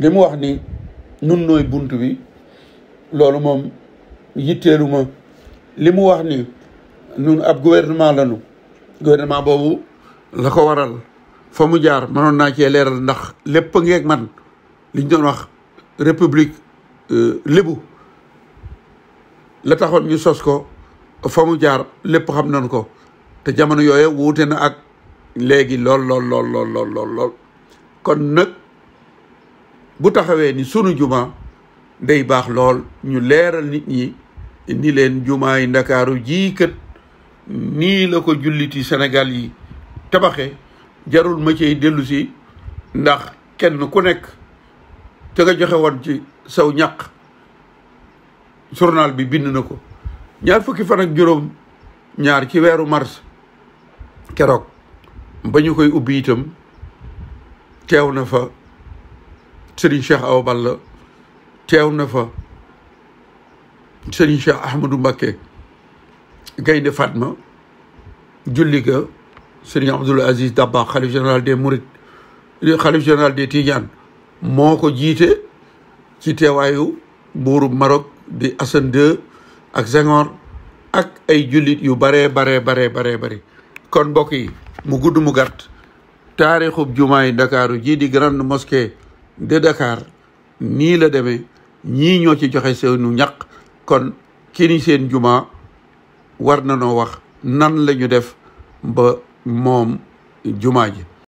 li mu wax ni nun nooy bunt bi loolu moom yitteelu ma li mu wax ni nun ab gouvernement lanu gouvernement boobu la ko waral fa mu jaar mënoon naa cee leeral ndax lépp a ngeeg man liñ doon wax république euh, lébu la taxoon ñu sos ko fa mu jaar lépp xam nañ ko te jamono yooyu wuute na ak léegi lool lool lool lool kon nag bu taxawee ni sunu juma day baax lool ñu leeral nit ñi ni leen jumaa yi ndakaaru jii kët nii la ko julliti Sénégal yi tabaxe jarul ma cay ndax kenn ku nekk te nga joxe woon ci saw ñaq journal bi bind na ko ñaar fukki fan ak juróom ñaar ci weeru mars keroog ba ñu koy ubbi itam teew na fa Serigne Cheikh Awa Balla teew na fa Serigne Cheikh Ahmadou Mbacké Gaynde Fatma julli ga Serigne Abdoul Aziz Dabba xalif général des Mourides xalif général des Tidiane moo ko jiite ci teewaayu buuru Maroc di Hassan II ak Senghor ak ay jullit yu baree bare baree baree kon mbokk mu gudd mu gàtt taarixub jumaa yi Ndakaaru jii di grande mosquée de Dakar nii la demee ñii ñoo ci joxe seenu ñaq kon ki ni seen juma war na noo wax nan la ñu def ba moom jumaa ji